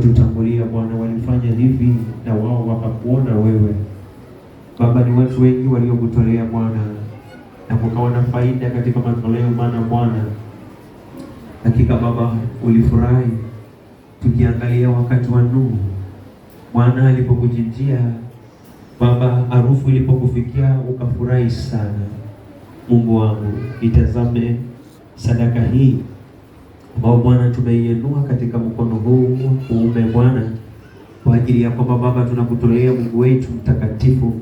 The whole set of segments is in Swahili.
Tutangulia Bwana, walifanya hivi na wao wakakuona wewe. Baba, ni watu wengi waliokutolea Bwana na kukawa na faida katika matoleo Bwana. Bwana, hakika Baba ulifurahi tukiangalia wakati wa Nuhu Bwana alipokujinjia Baba, harufu ilipokufikia ukafurahi sana. Mungu wangu, itazame sadaka hii ambao Bwana tumeiinua katika mkono huu kuume Bwana, kwa ajili ya kwamba Baba tunakutolea Mungu wetu mtakatifu,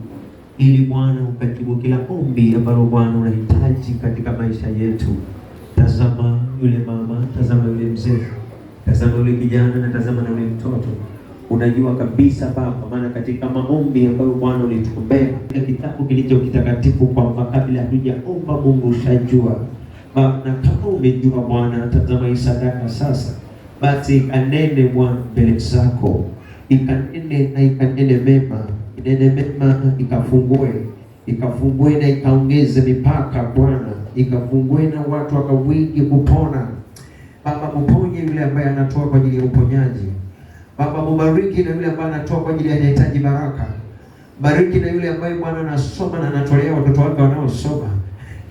ili Bwana ukajibu kila ombi ambalo Bwana unahitaji katika maisha yetu. Tazama yule mama, tazama yule mzee, tazama yule kijana na tazama na yule mtoto. Unajua kabisa Baba, maana katika maombi ambayo Bwana ulituombea kitabu kilicho kitakatifu, kwamba kabla hatujaomba Mungu ushajua na kama umejua Bwana, tazama hii sadaka sasa, basi ikanene Bwana mbele zako, ikanene na ikanene mema, inene mema, ikafungue ikafungue na ikaongeze mipaka Bwana, ikafungue na watu wakawingi kupona Baba. Muponye yule ambaye anatoa kwa ajili ya uponyaji Baba, mubariki na yule ambaye anatoa kwa ajili ya anahitaji baraka. Bariki na yule ambaye Bwana anasoma na anatolea watoto wake wanaosoma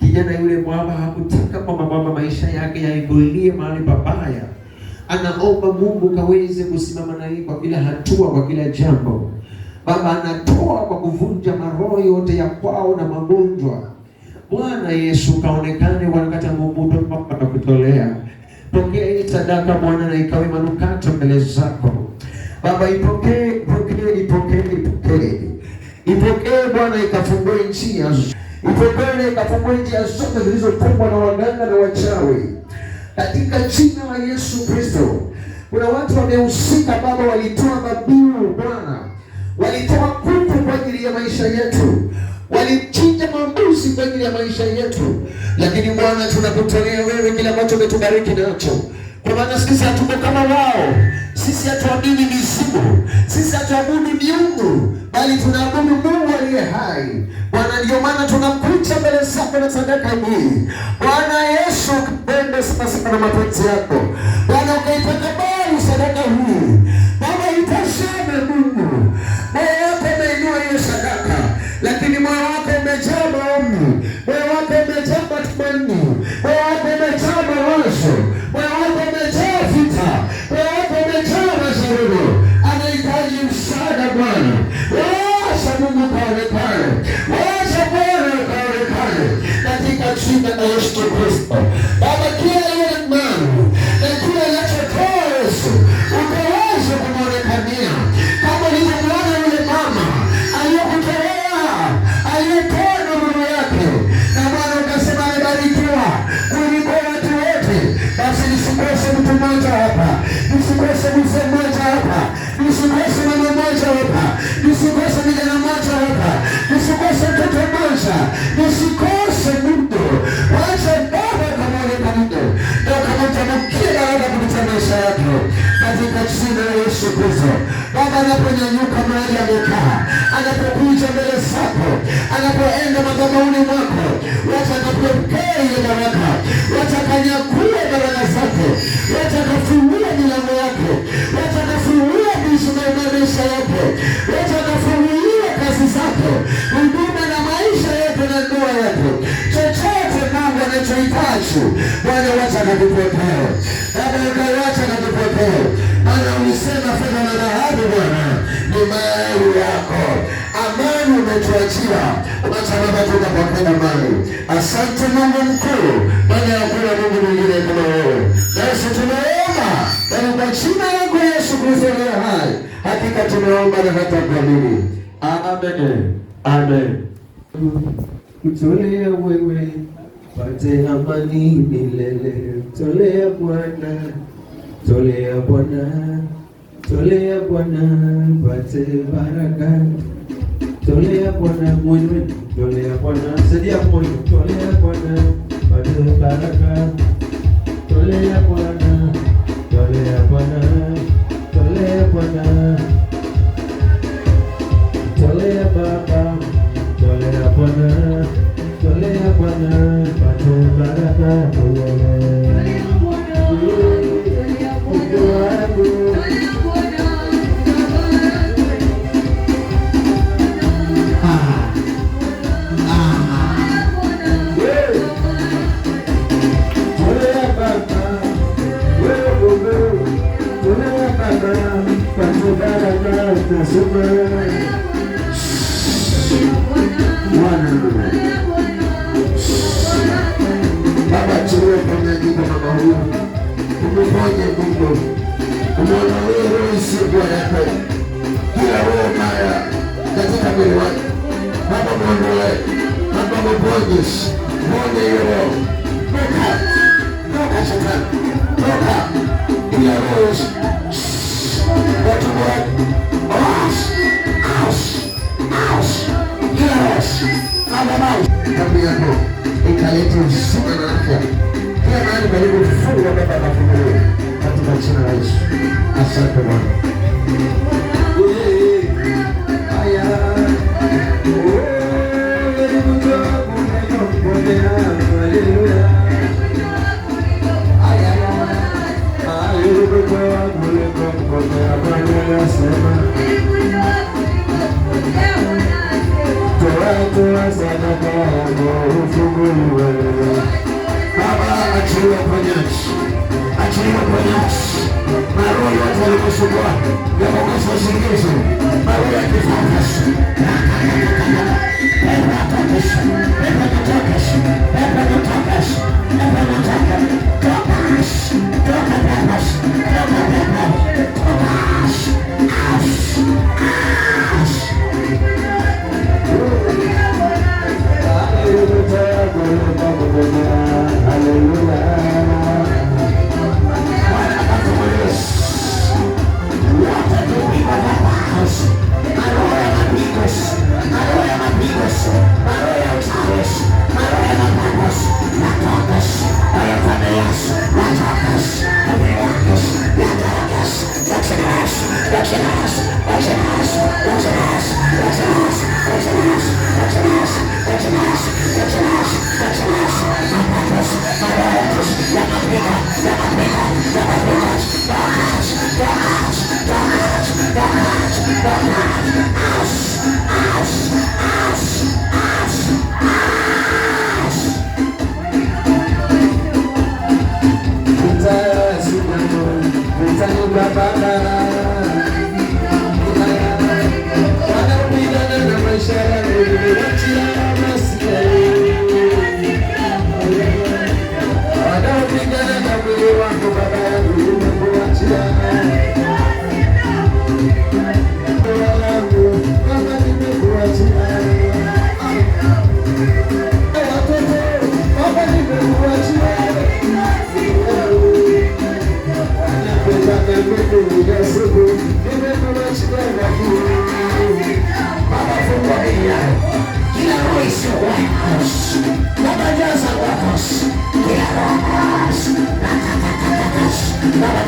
Kijana yule mwamba hakutaka kwamba baba maisha yake yaingilie mahali pabaya. Anaomba Mungu kaweze kusimama naye kwa kila hatua, kwa kila jambo. Baba anatoa kwa kuvunja maroho yote ya kwao na magonjwa. Bwana Yesu kaonekane wanakata mumuto papa na kutolea. Pokea hii sadaka Bwana na ikawe manukato mbele zako. Baba ipokee, ipokee, ipokee, ipokee. Ipokee Bwana ikafungue njia. Utengane kafungue njia zote zilizotungwa na waganga na wachawi katika jina la Yesu Kristo. Kuna watu wamehusika Baba, walitoa mabiu Bwana, walitoa kuku kwa ajili ya maisha yetu, walichinja mambuzi kwa ajili ya maisha yetu, lakini Bwana tunakutolea wewe kile ambacho umetubariki nacho, kwa maana sisi hatuko kama wao. Sisi hatuamini mizimu, sisi hatuabudu miungu, bali tunaabudu Mungu aliye hai. Bwana, ndio maana tunakuja mbele zako na sadaka hii. Bwana Yesu, kapende sasa sana na mapenzi yako Jina lako Yesu Kristo ni hai. Hakika tumeomba na hata kuamini. Amen. Amen. Kutolea wewe pate amani milele. Tolea Bwana. Tolea Bwana. Tolea Bwana pate baraka. Tolea Bwana mwenye, Tolea Bwana saidia moyo. Tolea Bwana pate baraka. Tolea Bwana চলে আপনা চলে আপনা চলে বাবা চলে আপনা চলে আপনা পাথর বাবা Baba, achilia kwenye jibu mama huyu, umuponye Mungu, umwondolee roho isiyokuwa yako, kila roho mbaya katika mwili wake Baba, mwondolee Baba, mponye, mponye hiyo roho, toka, toka shetani, toka kila roho watubu wake ikaleta uzima na afya kila mahali karibu kufungwa baba na katika jina la Yesu. Asante Bwana. Bye-bye. Thank you.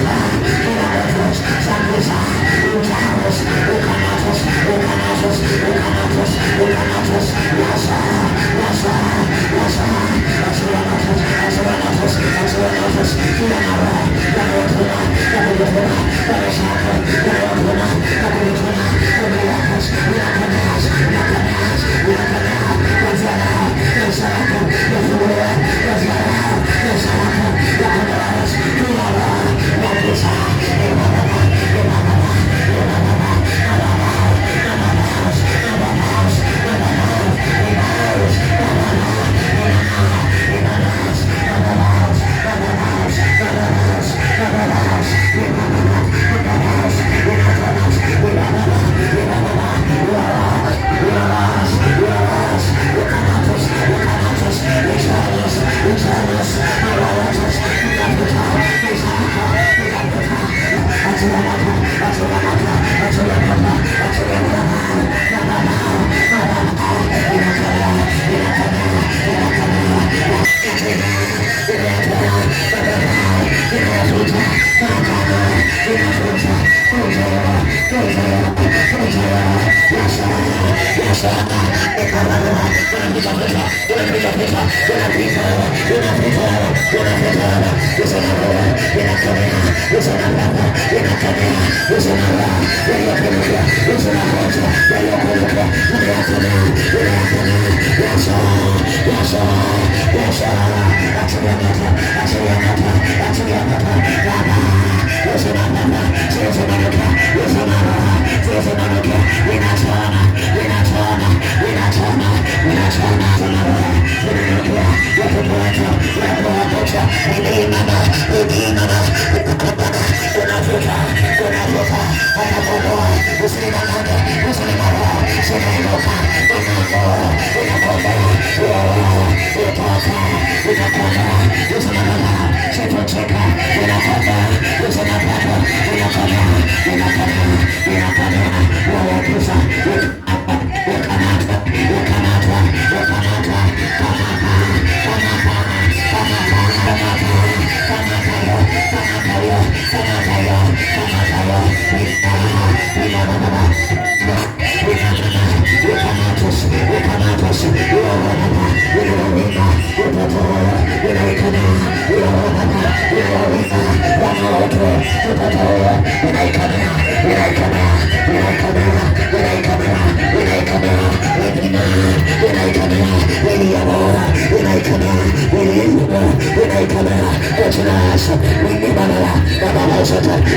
sir. Baba Yes,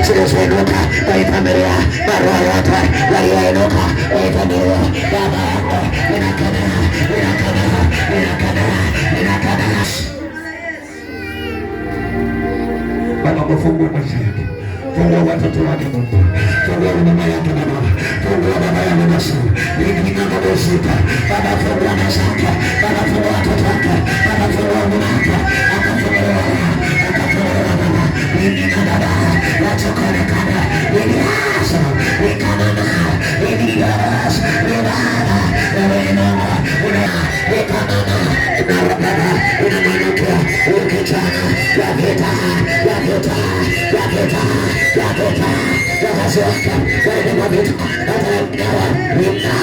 zilizoinuka waipamilia barua yote walioinuka waipamilia baba yako inakana inakana inakana inakana watakufungua maisha yake, fungua watoto wake, fungua mama yake, Baba fungua baba ya Yesu, nikinanga bosita Baba, fungua maisha yake, Baba fungua watoto wake, Baba fungua mama yake, akafungua akafungua baba, nikinanga baba watakonekana, niliasa nikanana, niliasa ninana, ninana, ninana, ninana, ninana, watoto wakaswaka zaidi mavita ataagawa nina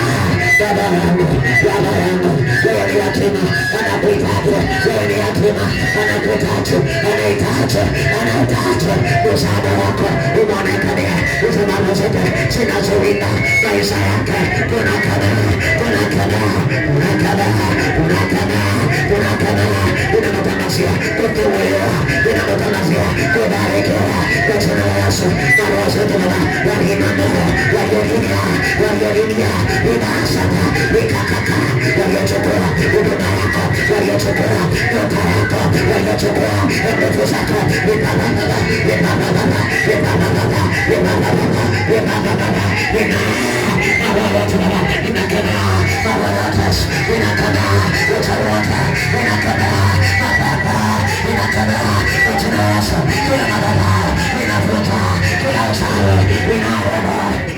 baba yangu baba yangu wewe ni yatima anakuitaje wewe ni yatima anakuitaje anaitaje anaitaje msaada wako umeonekania sababu zote zinazolinda maisha yake tunakadaa tunakadaa unakadaa unakadaa unakadaa inamatangazia kukiwewa inamatangazia waliolinda, waliolinda inaasaba nikakaka, waliochukua huduma yako, waliochukua nyota yako, waliochukua nguvu zako, nipambana, nipambana, nipambana, nipambana, nipambana, nina hawa watu baba, ninakana hawa watu, ninakana utawata, ninakana mababa, ninakana utunawasa, tunababa, ninavuta, tunausawa, ninaroba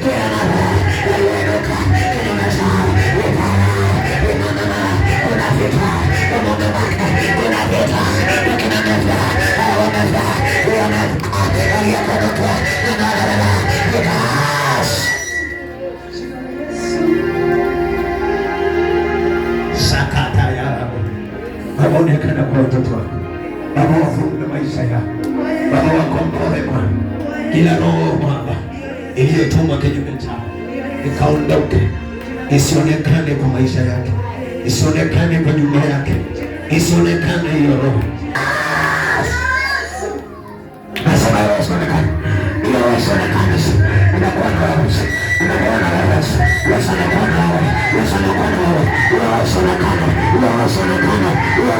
isionekane kwa nyumba yake, isionekane hiyo roho, isionekane ah! Yesu anakanisa, unakuwa na wazi, unakuwa na wazi, Yesu anakuwa na wazi, Yesu anakuwa na wazi, Yesu anakana, Yesu anakana, Yesu anakana, Yesu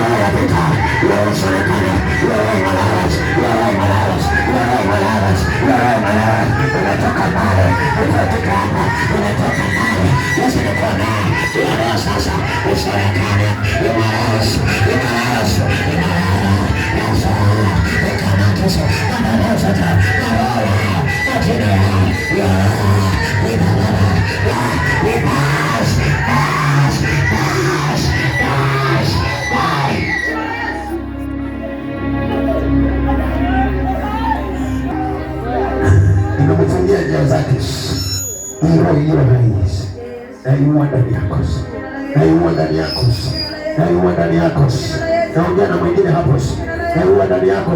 anakana, Yesu anakana, Yesu malalas, Yesu malalas, Yesu malalas, Yesu malalas, unatoka pale, unatoka hapa, unatoka pale, Yesu anakuwa na wazi, sasa Yesu anakana, Yesu malalas, Yesu malalas, Yesu malalas, Yesu malalas, Yesu anaweza naiua ndani yako, naiua ndani yako, Naongea na mwingine hapo, naiua ndani yako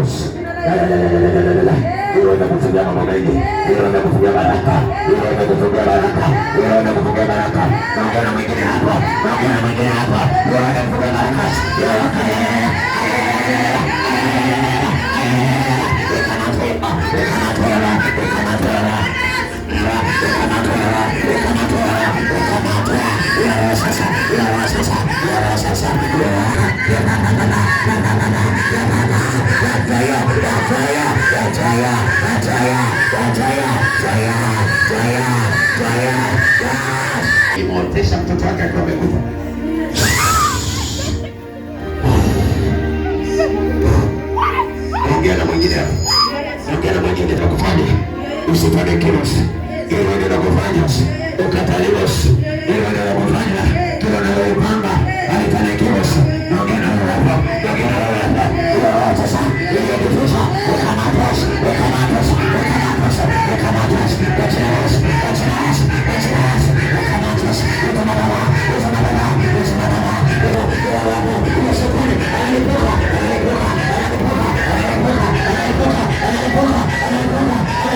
Nione kufungia mambo mengi, nione kufungia baraka, nione kufungia baraka, nione kufungia baraka. Naongea na mwingine hapa, naongea na mwingine hapa, nione kufungia baraka, baraka Yeah. Jaya Jaya Jaya Jaya Jaya Imeotesha mtoto wake akiwa amekufa. Ongea na mwingine ongea na mwingine atakufanya usipande kirosi, ili wende na kufanya ukataliwa, ili wende na kufanya tunanayoipanga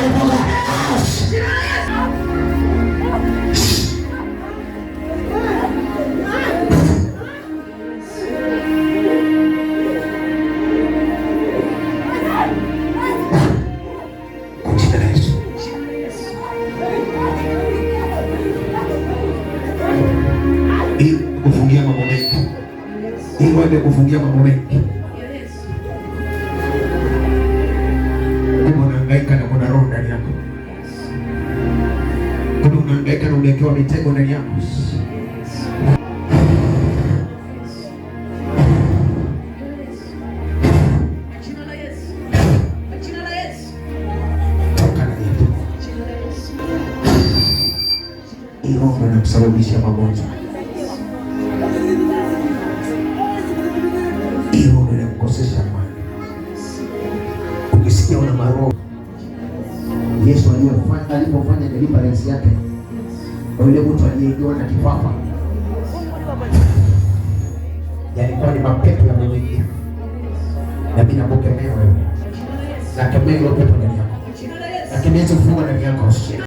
Hallelujah yanakusababisha magonjwa. Hiyo ndio inakukosesha amani. Ukisikia una maroho, Yesu aliyofanya alipofanya deliverance yake kwa yule mtu aliyeingiwa na kifafa, yalikuwa ni mapepo ya yameingia, na mimi nakukemea wewe, nakemea